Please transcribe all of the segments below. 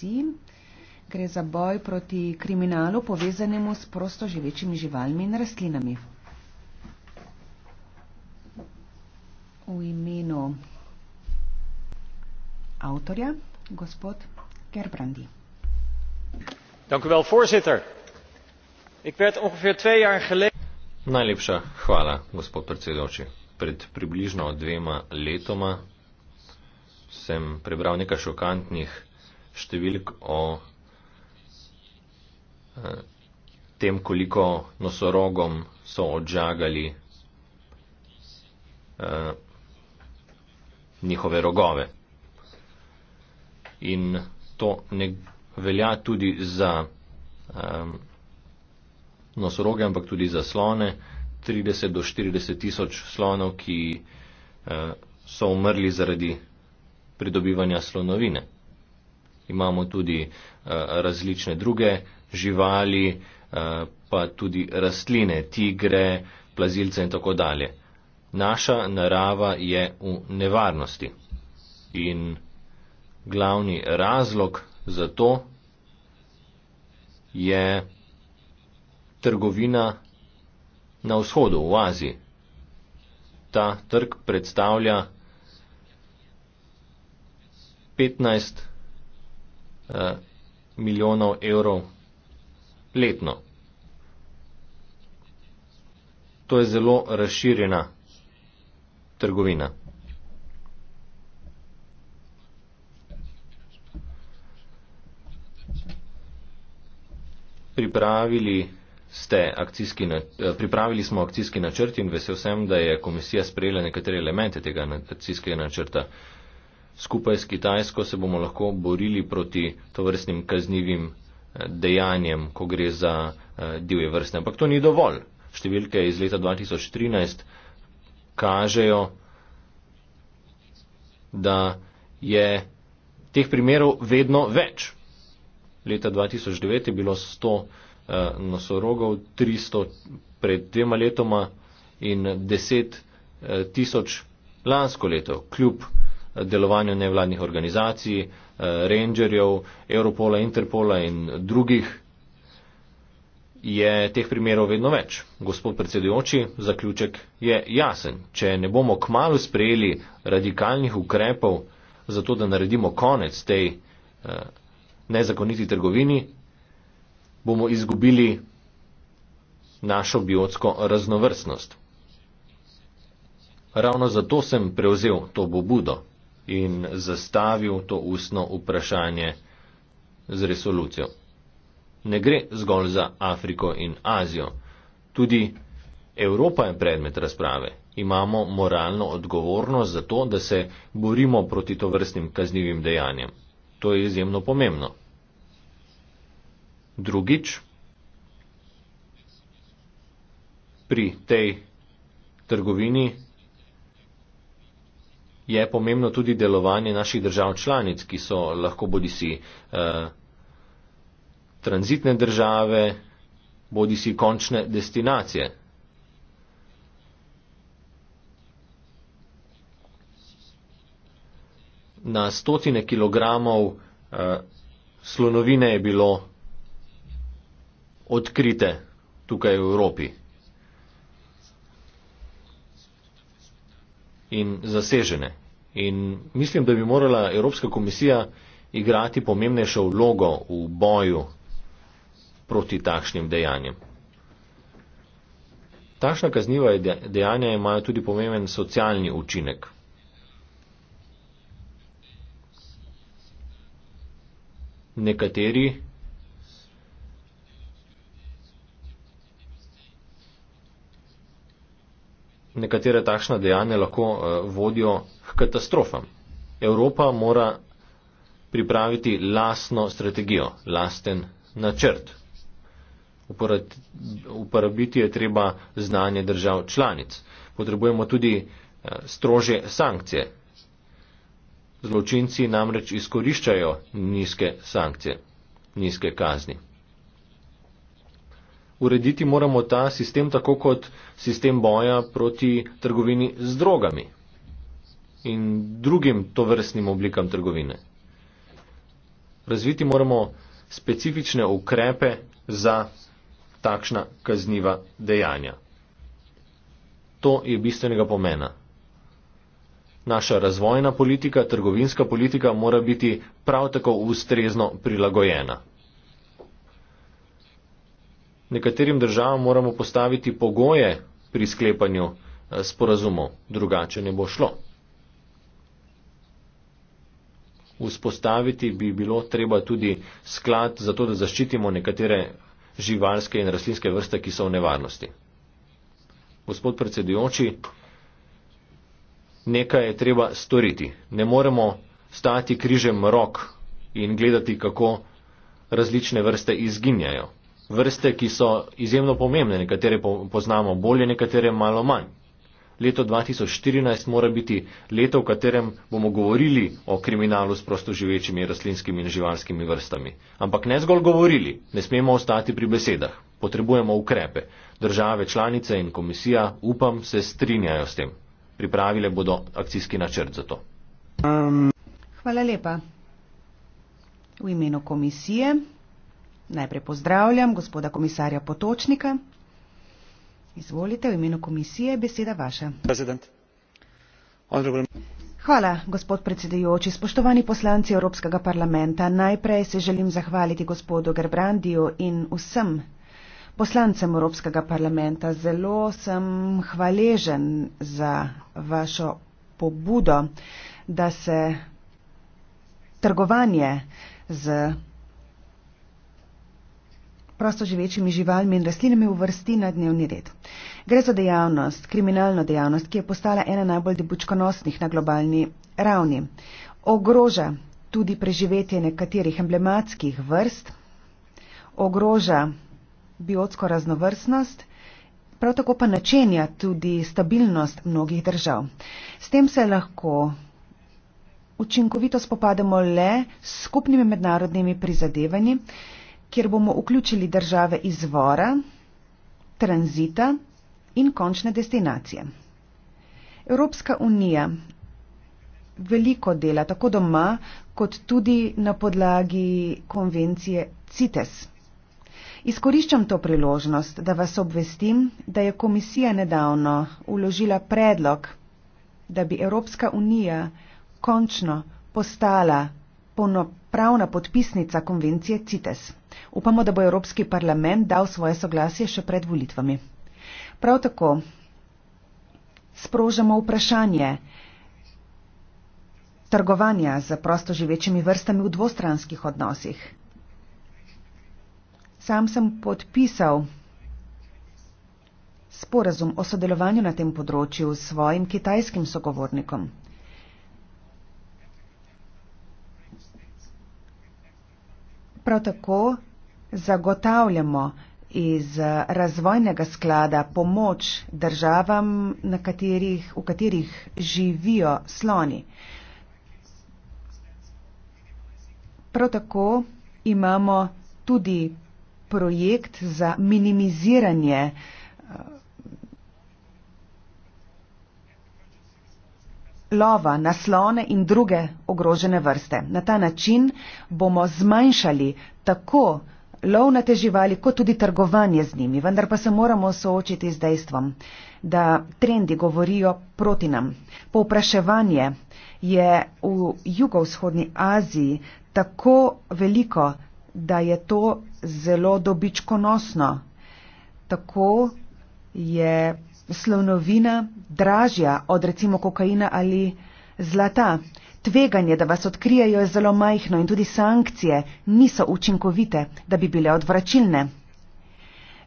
policiji. Gre za boj proti kriminalu povezanemu s prosto živečimi živalmi in rastlinami. V imenu avtorja, gospod Gerbrandi. Najlepša hvala, gospod predsedoči. Pred približno dvema letoma sem prebral nekaj šokantnih številk o eh, tem, koliko nosorogom so odžagali eh, njihove rogove. In to ne velja tudi za eh, nosoroge, ampak tudi za slone. 30 do 40 tisoč slonov, ki so umrli zaradi pridobivanja slonovine imamo tudi eh, različne druge živali, eh, pa tudi rastline, tigre, plazilce in tako dalje. Naša narava je v nevarnosti in glavni razlog za to je trgovina na vzhodu, v Aziji. Ta trg predstavlja 15 milijonov evrov letno. To je zelo razširjena trgovina. Pripravili, ste akcijski, eh, pripravili smo akcijski načrt in vesel sem, da je komisija sprejela nekatere elemente tega akcijskega načrta. Uh, skupaj s Kitajsko se bomo lahko borili proti tovrstnim kaznjivim eh, dejanjem, ko gre za eh, divje vrste. Ampak to ni dovolj. Številke iz leta 2013 kažejo, da je teh primerov vedno več. Leta 2009 je bilo 100 eh, nosorogov, 300 pred dvema letoma in 10 tisoč lansko leto, kljub delovanju nevladnih organizacij, eh, rangerjev, Europola, Interpola in drugih, je teh primerov vedno več. Gospod predsedujoči, zaključek je jasen. Če ne bomo kmalo sprejeli radikalnih ukrepov, zato da naredimo konec tej eh, nezakoniti trgovini, bomo izgubili našo biotsko raznovrstnost. Ravno zato sem prevzel to pobudo in zastavil to ustno vprašanje z resolucijo. Ne gre zgolj za Afriko in Azijo. Tudi Evropa je predmet razprave. Imamo moralno odgovornost za to, da se borimo proti tovrstnim kaznjivim dejanjem. To je izjemno pomembno. Drugič, pri tej trgovini je pomembno tudi delovanje naših držav članic, ki so lahko bodi si eh, tranzitne države, bodi si končne destinacije. Na stotine kilogramov eh, slonovine je bilo odkrite tukaj v Evropi. in zasežene. In mislim, da bi morala Evropska komisija igrati pomembnejšo vlogo v boju proti takšnim dejanjem. Takšna kazniva dejanja imajo tudi pomemben socialni učinek. Nekateri nekatere takšne dejanja lahko eh, vodijo k katastrofam. Evropa mora pripraviti lasno strategijo, lasten načrt. Uporabiti je treba znanje držav članic. Potrebujemo tudi eh, strože sankcije. Zločinci namreč izkoriščajo nizke sankcije, nizke kazni urediti moramo ta sistem tako kot sistem boja proti trgovini z drogami in drugim tovrstnim oblikam trgovine. Razviti moramo specifične ukrepe za takšna kazniva dejanja. To je bistvenega pomena. Naša razvojna politika, trgovinska politika mora biti prav tako ustrezno prilagojena nekaterim državam moramo postaviti pogoje pri sklepanju eh, sporazumov, drugače ne bo šlo. Vzpostaviti bi bilo treba tudi sklad za to, da zaščitimo nekatere živalske in rastlinske vrste, ki so v nevarnosti. Gospod predsedujoči, nekaj je treba storiti. Ne moremo stati križem rok in gledati, kako različne vrste izginjajo vrste, ki so izjemno pomembne, nekatere poznamo bolje, nekatere malo manj. Leto 2014 mora biti leto, v katerem bomo govorili o kriminalu s prostoživečimi rastlinskimi in živalskimi vrstami. Ampak ne zgolj govorili, ne smemo ostati pri besedah. Potrebujemo ukrepe. Države, članice in komisija, upam, se strinjajo s tem. Pripravile bodo akcijski načrt za to. Um. Hvala lepa. V imenu komisije. Najprej pozdravljam gospoda komisarja Potočnika. Izvolite v imenu komisije, beseda vaša. Hvala, gospod predsedujoči. Spoštovani poslanci Evropskega parlamenta, najprej se želim zahvaliti gospodu Gerbrandiju in vsem poslancem Evropskega parlamenta. Zelo sem hvaležen za vašo pobudo, da se trgovanje z prostoživečimi živalmi in rastlinami uvrsti na dnevni red. Gre za dejavnost, kriminalno dejavnost, ki je postala ena najbolj debučkonosnih na globalni ravni. Ogroža tudi preživetje nekaterih emblematskih vrst, ogroža biotsko raznovrstnost, prav tako pa načenja tudi stabilnost mnogih držav. S tem se lahko učinkovito spopademo le s skupnimi mednarodnimi prizadevanji, kjer bomo vključili države izvora, tranzita in končne destinacije. Evropska unija veliko dela tako doma, kot tudi na podlagi konvencije CITES. Izkoriščam to priložnost, da vas obvestim, da je komisija nedavno uložila predlog, da bi Evropska unija končno postala polnopravna podpisnica konvencije CITES. Upamo, da bo Evropski parlament dal svoje soglasje še pred volitvami. Prav tako sprožamo vprašanje trgovanja z prosto živečimi vrstami v dvostranskih odnosih. Sam sem podpisal sporazum o sodelovanju na tem področju s svojim kitajskim sogovornikom. Prav tako zagotavljamo iz razvojnega sklada pomoč državam, katerih, v katerih živijo sloni. Prav tako imamo tudi projekt za minimiziranje uh, lova na slone in druge ogrožene vrste. Na ta način bomo zmanjšali tako lov na te živali, kot tudi trgovanje z njimi. Vendar pa se moramo soočiti z dejstvom, da trendi govorijo proti nam. Povpraševanje je v jugovzhodni Aziji tako veliko, da je to zelo dobičkonosno. Tako je slonovina dražja od recimo kokaina ali zlata. Tveganje, da vas odkrijajo, je zelo majhno in tudi sankcije niso učinkovite, da bi bile odvračilne.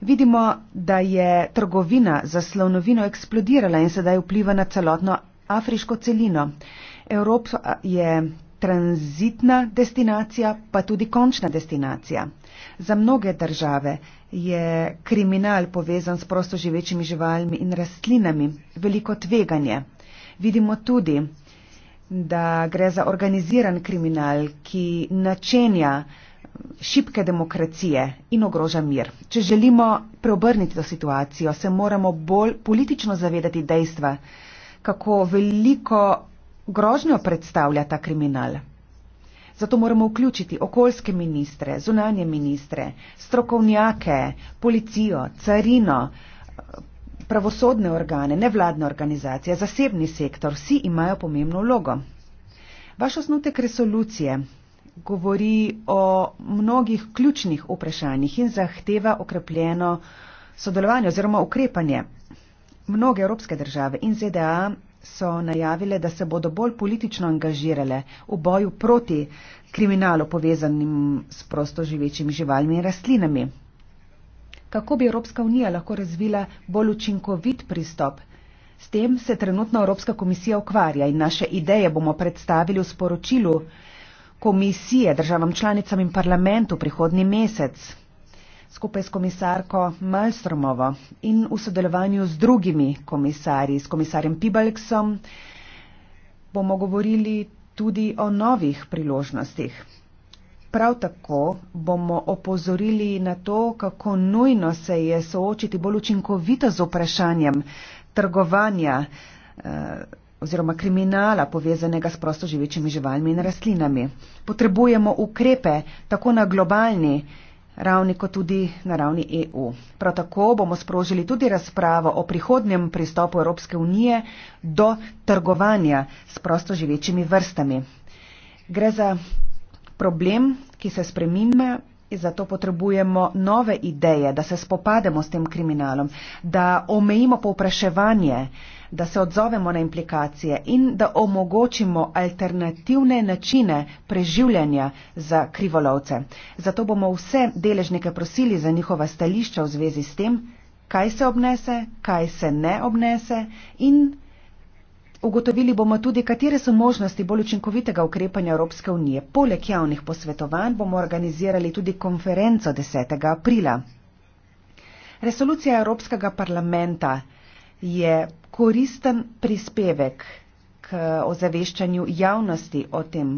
Vidimo, da je trgovina za slonovino eksplodirala in sedaj vpliva na celotno afriško celino. Evropa je tranzitna destinacija, pa tudi končna destinacija. Za mnoge države je kriminal povezan s prosto živečimi živalmi in rastlinami veliko tveganje. Vidimo tudi, da gre za organiziran kriminal, ki načenja šibke demokracije in ogroža mir. Če želimo preobrniti to situacijo, se moramo bolj politično zavedati dejstva, kako veliko grožnjo predstavlja ta kriminal. Zato moramo vključiti okoljske ministre, zunanje ministre, strokovnjake, policijo, carino, pravosodne organe, nevladne organizacije, zasebni sektor. Vsi imajo pomembno vlogo. Vaš osnutek resolucije govori o mnogih ključnih vprašanjih in zahteva okrepljeno sodelovanje oziroma ukrepanje. Mnoge evropske države in ZDA so najavile, da se bodo bolj politično angažirale v boju proti kriminalu povezanim s prostoživečimi živalmi in rastlinami. Kako bi Evropska unija lahko razvila bolj učinkovit pristop? S tem se trenutno Evropska komisija ukvarja in naše ideje bomo predstavili v sporočilu komisije državam članicam in parlamentu prihodni mesec skupaj s komisarko Malstromovo in v sodelovanju z drugimi komisarji, s komisarjem Pibalksom, bomo govorili tudi o novih priložnostih. Prav tako bomo opozorili na to, kako nujno se je soočiti bolj učinkovito z vprašanjem trgovanja eh, oziroma kriminala povezanega s prostoživečimi živalmi in rastlinami. Potrebujemo ukrepe tako na globalni, ravni kot tudi na ravni EU. Prav tako bomo sprožili tudi razpravo o prihodnjem pristopu Evropske unije do trgovanja s prostoživečimi vrstami. Gre za problem, ki se spreminja. Zato potrebujemo nove ideje, da se spopademo s tem kriminalom, da omejimo povpraševanje, uh, da se odzovemo na implikacije in da omogočimo alternativne načine preživljanja za krivolovce. Zato bomo vse deležnike prosili za njihova stališča v zvezi s tem, kaj se obnese, kaj se ne obnese in ugotovili bomo tudi, katere so možnosti bolj učinkovitega ukrepanja Evropske unije. Poleg javnih posvetovanj bomo organizirali tudi konferenco 10. aprila. Resolucija Evropskega parlamenta je koristen prispevek k ozaveščanju javnosti o tem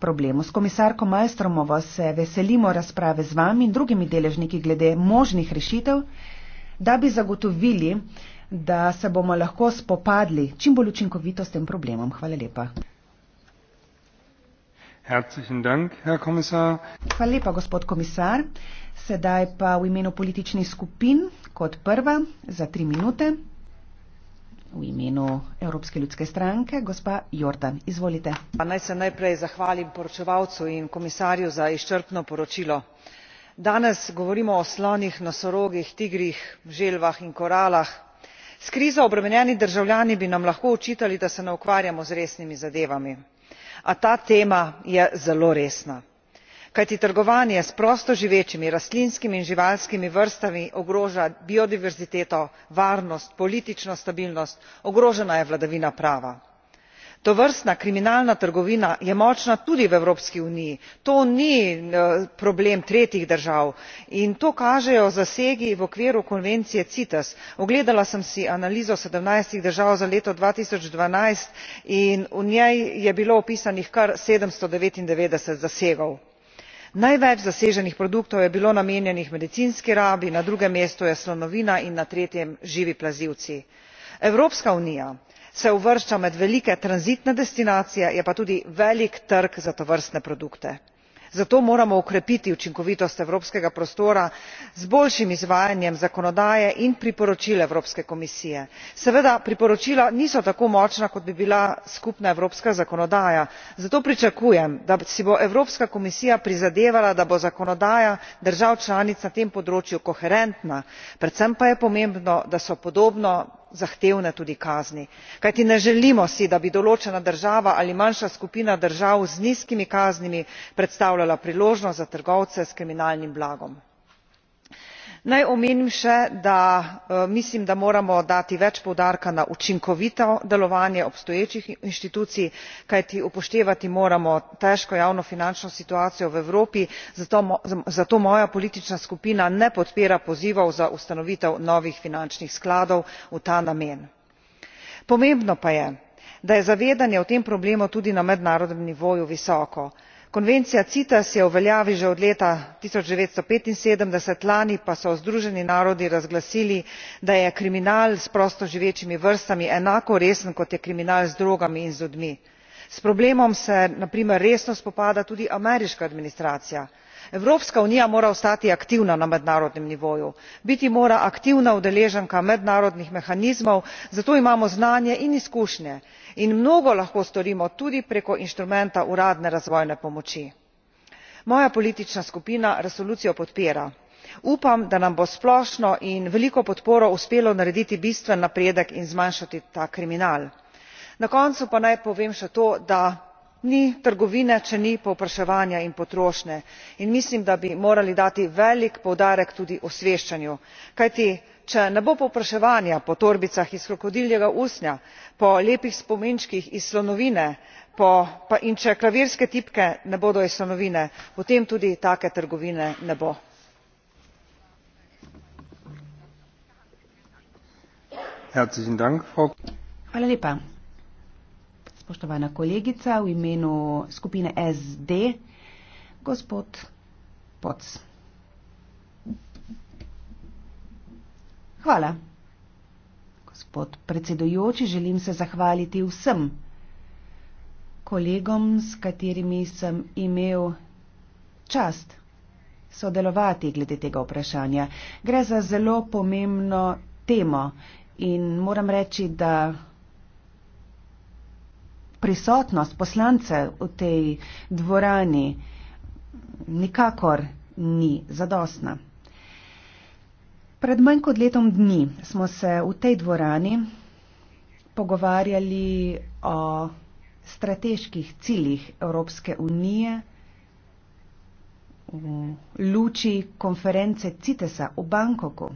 problemu. S komisarko Majstromovo se veselimo razprave z vami in drugimi deležniki glede možnih rešitev, da bi zagotovili, da se bomo lahko spopadli čim bolj učinkovito s tem problemom. Hvala lepa. Dank, herr Hvala lepa, gospod komisar. Sedaj pa v imenu političnih skupin kot prva za tri minute. V imenu Evropske ljudske stranke, gospa Jordan, izvolite. Pa naj se najprej zahvalim poročevalcu in komisarju za izčrpno poročilo. Danes govorimo o slonih, nosorogih, tigrih, želvah in koralah. S krizo obremenjeni državljani bi nam lahko učitali, da se ne ukvarjamo z resnimi zadevami. A ta tema je zelo resna kajti trgovanje s prosto živečimi rastlinskimi in živalskimi vrstami ogroža biodiverziteto varnost politično stabilnost ogrožena je vladavina prava. tovrstna kriminalna trgovina je močna tudi v evropski uniji to ni eh, problem tretjih držav in to kažejo zasegi v okviru konvencije cites ogledala sem si analizo sedemnajst držav za leto dva tisoč dvanajst in v njej je bilo opisanih kar sedemsto devetindevetdeset zasegov največ zaseženih produktov je bilo namenjenih medicinski rabi na drugem mestu je slonovina in na tretjem živi plazilci. evropska unija se uvršča med velike tranzitne destinacije je pa tudi velik trg za tovrstne produkte zato moramo okrepiti učinkovitost evropskega prostora z boljšim izvajanjem zakonodaje in priporočil evropske komisije. seveda priporočila niso tako močna kot bi bila skupna evropska zakonodaja zato pričakujem da si bo evropska komisija prizadevala da bo zakonodaja držav članic na tem področju koherentna predvsem pa je pomembno da so podobno zahtevne tudi kazni kajti ne želimo si da bi določena država ali manjša skupina držav z nizkimi kaznimi predstavljala priložnost za trgovce s kriminalnim blagom naj omenim še da e, mislim da moramo dati več poudarka na učinkovito delovanje obstoječih inštitucij kajti upoštevati moramo težko javno finančno situacijo v evropi zato moja politična skupina ne podpira pozivov za ustanovitev novih finančnih skladov v ta namen. pomembno pa je da je zavedanje o tem problemu tudi na mednarodnem nivoju visoko konvencija cites je v veljavi že od leta tisoč devetsto petinsedemdeset lani pa so združeni narodi razglasili da je kriminal s prostoživečimi vrstami enako resen kot je kriminal z drogami in z ljudmi. s problemom se na primer resno spopada tudi ameriška administracija. evropska unija mora ostati aktivna na mednarodnem nivoju biti mora aktivna udeleženka mednarodnih mehanizmov zato imamo znanje in izkušnje in mnogo lahko storimo tudi preko inštrumenta uradne razvojne pomoči. moja politična skupina resolucijo podpira upam da nam bo s splošno in veliko podporo uspelo narediti bistven napredek in zmanjšati ta kriminal. na koncu pa naj povem še to da ni trgovine če ni povpraševanja in potrošnje in mislim da bi morali dati velik poudarek tudi osveščanju kajti če ne bo povpraševanja po torbicah iz krokodiljega usnja po lepih spominčkih iz slonovine in če klavirske tipke ne bodo iz slonovine potem tudi take trgovine ne bo. Hvala. Gospod predsedujoči, želim se zahvaliti vsem kolegom, s katerimi sem imel čast sodelovati glede tega vprašanja. Gre za zelo pomembno temo in moram reči, da prisotnost poslancev v tej dvorani nikakor ni zadostna. Pred manj kot letom dni smo se v tej dvorani pogovarjali o strateških ciljih Evropske unije v luči konference CITESA v Bangkoku.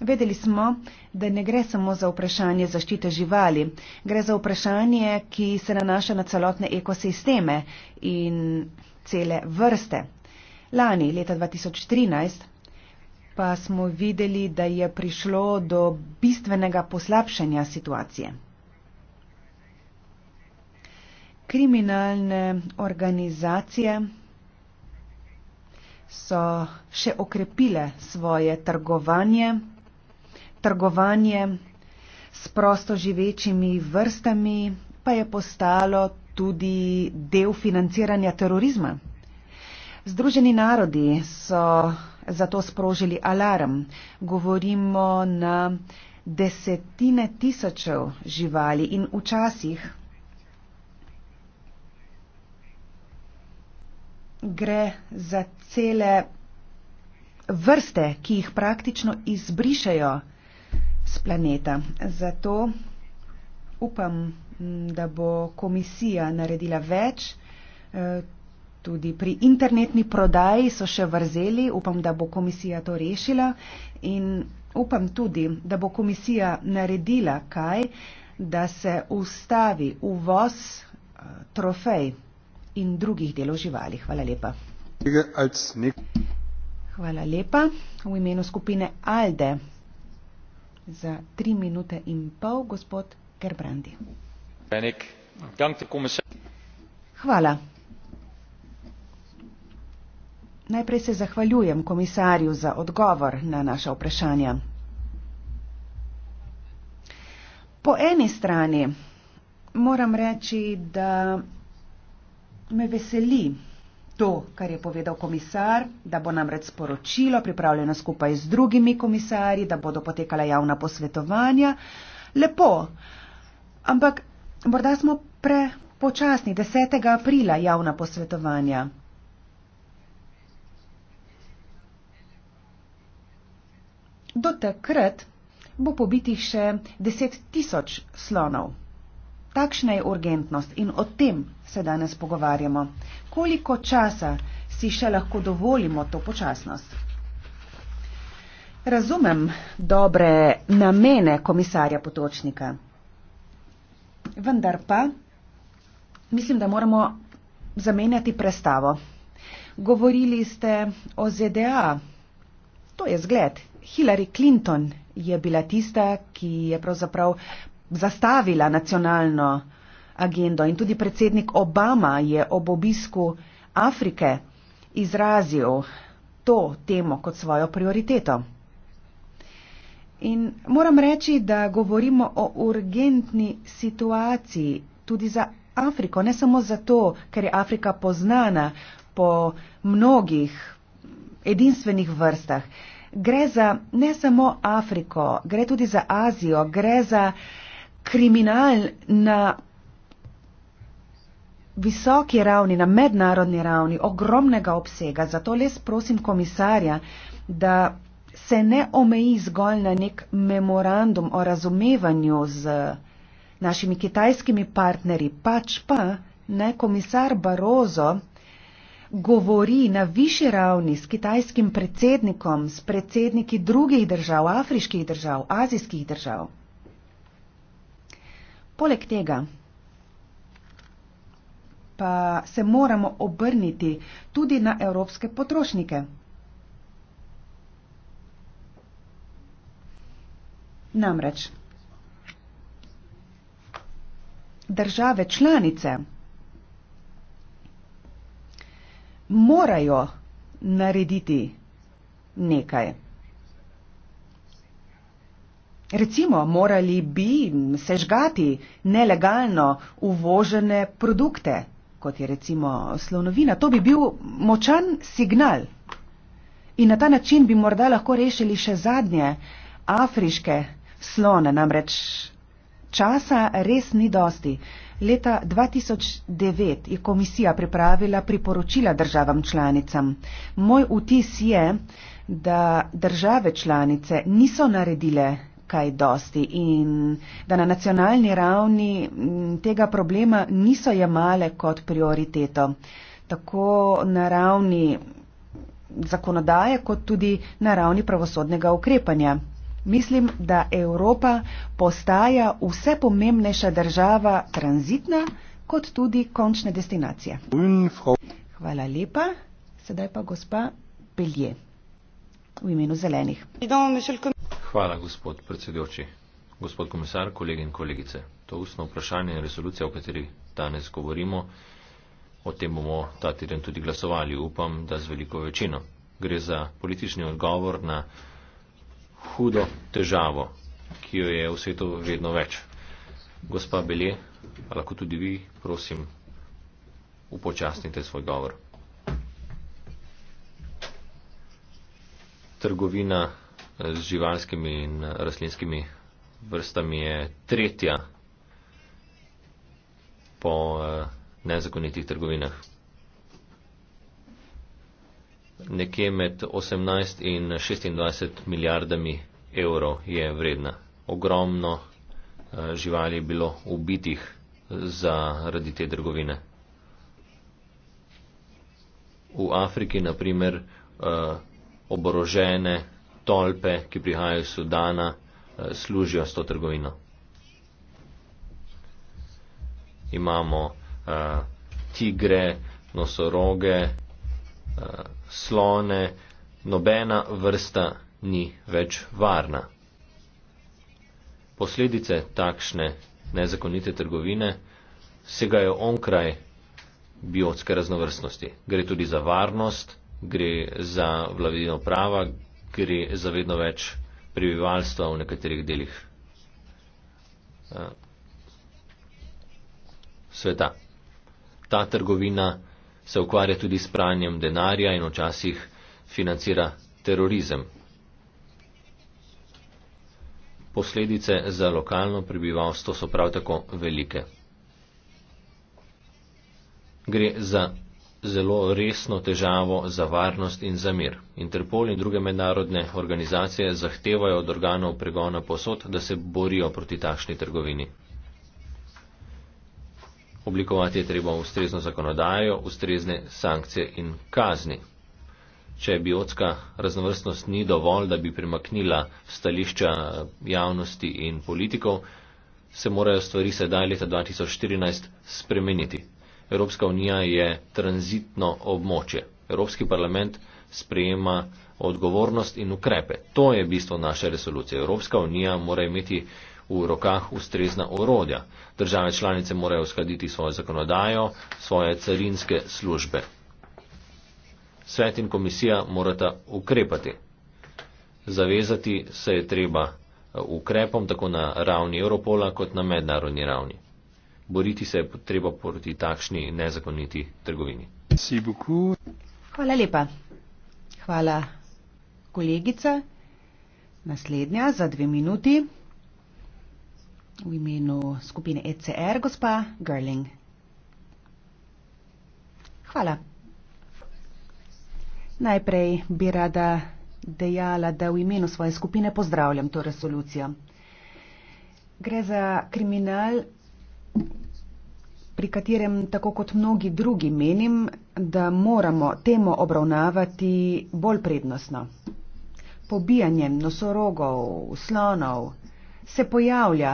Vedeli smo, da ne gre samo za vprašanje zaščite živali, gre za vprašanje, ki se nanaša na celotne ekosisteme in cele vrste. Lani, leta 2013, pa smo videli, da je prišlo do bistvenega poslabšanja situacije. Kriminalne organizacije so še okrepile svoje trgovanje, trgovanje s prosto živečimi vrstami pa je postalo tudi del financiranja terorizma. Združeni narodi so zato sprožili alarm. Govorimo na desetine tisočev živali in včasih gre za cele vrste, ki jih praktično izbrišajo s planeta. Zato upam, mm, da bo komisija naredila več. Eh, tudi pri internetni prodaji so še vrzeli, upam, da bo komisija to rešila in upam tudi, da bo komisija naredila kaj, da se ustavi uvoz eh, trofej in drugih delov živali. Hvala lepa. Hvala lepa. V imenu skupine Alde za tri minute in pol, gospod Gerbrandi. Hvala. Najprej se zahvaljujem komisarju za odgovor na naša vprašanja. Po eni strani moram reči, da me veseli, To, kar je povedal komisar, da bo namreč sporočilo pripravljeno skupaj z drugimi komisarji, da bodo potekala javna posvetovanja, lepo. Ampak morda smo prepočasni 10. aprila javna posvetovanja. Do takrat bo pobitih še 10 tisoč slonov. Takšna je urgentnost in o tem se danes pogovarjamo. Koliko časa si še lahko dovolimo to počasnost? Razumem dobre namene komisarja Potočnika, vendar pa mislim, da moramo zamenjati prestavo. Govorili ste o ZDA. To je zgled. Hillary Clinton je bila tista, ki je pravzaprav zastavila nacionalno agendo in tudi predsednik Obama je ob obisku Afrike izrazil to temo kot svojo prioriteto. In moram reči, da govorimo o urgentni situaciji tudi za Afriko, ne samo zato, ker je Afrika poznana po mnogih edinstvenih vrstah. Gre za ne samo Afriko, gre tudi za Azijo, gre za kriminal na visoki ravni, na mednarodni ravni, ogromnega obsega. Zato les prosim komisarja, da se ne omeji zgolj na nek memorandum o razumevanju z našimi kitajskimi partnerji, pač pa naj komisar Barozo govori na višji ravni s kitajskim predsednikom, s predsedniki drugih držav, afriških držav, azijskih držav. Poleg tega pa se moramo obrniti tudi na evropske potrošnike. Namreč države članice morajo narediti nekaj. Recimo, morali bi sežgati nelegalno uvožene produkte, kot je recimo slonovina. To bi bil močan signal. In na ta način bi morda lahko rešili še zadnje afriške slone. Namreč časa res ni dosti. Leta 2009 je komisija pripravila priporočila državam članicam. Moj vtis je, da države članice niso naredile kaj dosti in da na nacionalni ravni tega problema niso jemale kot prioriteto. Tako na ravni zakonodaje, kot tudi na ravni pravosodnega ukrepanja. Mislim, da Evropa postaja vse pomembnejša država tranzitna, kot tudi končne destinacije. Hvala lepa. Sedaj pa gospa Pelje v imenu zelenih. Hvala, gospod predsedujoči. Gospod komisar, kolegi in kolegice. To ustno vprašanje in resolucija, o kateri danes govorimo, o tem bomo ta teden tudi glasovali, upam, da z veliko večino. Gre za politični odgovor na hudo težavo, ki jo je v svetu vedno več. Gospa Bele, lahko tudi vi, prosim, upočasnite svoj govor. Trgovina z živalskimi in rastlinskimi vrstami je tretja po eh, nezakonitih trgovinah. Nekje med 18 in 26 milijardami evrov je vredna. Ogromno eh, živali je bilo ubitih zaradi te trgovine. V Afriki, naprimer, eh, oborožene tolpe, ki prihajajo iz Sudana, eh, služijo s to trgovino. Imamo uh, tigre, nosoroge, uh, slone, nobena vrsta ni več varna. Posledice takšne nezakonite trgovine segajo onkraj biotske raznovrstnosti. Gre tudi za varnost, gre za vladino prava, ker je za vedno več prebivalstva v nekaterih delih eh, sveta. Ta trgovina se ukvarja tudi s pranjem denarja in včasih financira terorizem. Posledice za lokalno prebivalstvo so prav tako velike. Gre za zelo resno težavo za varnost in za mir. Interpol in druge mednarodne organizacije zahtevajo od organov pregona posod, da se borijo proti takšni trgovini. Oblikovati je treba ustrezno zakonodajo, ustrezne sankcije in kazni. Če biotska raznovrstnost ni dovolj, da bi premaknila stališča eh, javnosti in politikov, se morajo stvari sedaj leta 2014 spremeniti. Evropska unija je tranzitno območje. Evropski parlament sprejema odgovornost in ukrepe. To je bistvo naše resolucije. Evropska unija mora imeti v rokah ustrezna orodja. Države članice morajo uskladiti svojo zakonodajo, svoje carinske službe. Svet in komisija morata ukrepati. Zavezati se je treba ukrepom tako na ravni Europola kot na mednarodni ravni boriti se je treba proti takšni nezakoniti trgovini. Hvala lepa. Hvala, kolegica. Naslednja za dve minuti v imenu skupine ECR, gospa Gerling. Hvala. Najprej bi rada dejala, da v imenu svoje skupine pozdravljam to resolucijo. Gre za kriminal pri katerem, tako kot mnogi drugi, menim, da moramo temo obravnavati bolj prednostno. Pobijanje nosorogov, slonov se pojavlja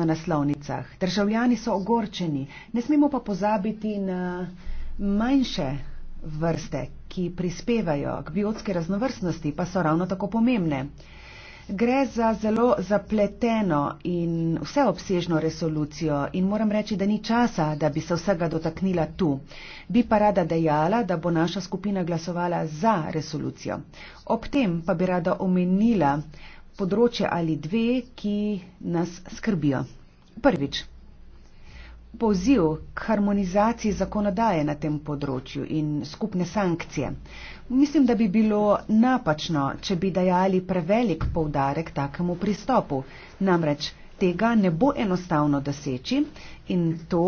na naslovnicah. Državljani so ogorčeni, ne smemo pa pozabiti na manjše vrste, ki prispevajo k biotske raznovrstnosti, pa so ravno tako pomembne. Gre za zelo zapleteno in vseobsežno resolucijo in moram reči, da ni časa, da bi se vsega dotaknila tu. Bi pa rada dejala, da bo naša skupina glasovala za resolucijo. Ob tem pa bi rada omenila področje ali dve, ki nas skrbijo. Prvič. Poziv k harmonizaciji zakonodaje na tem področju in skupne sankcije. Mislim, da bi bilo napačno, če bi dajali prevelik poudarek takemu pristopu. Namreč tega ne bo enostavno doseči in to.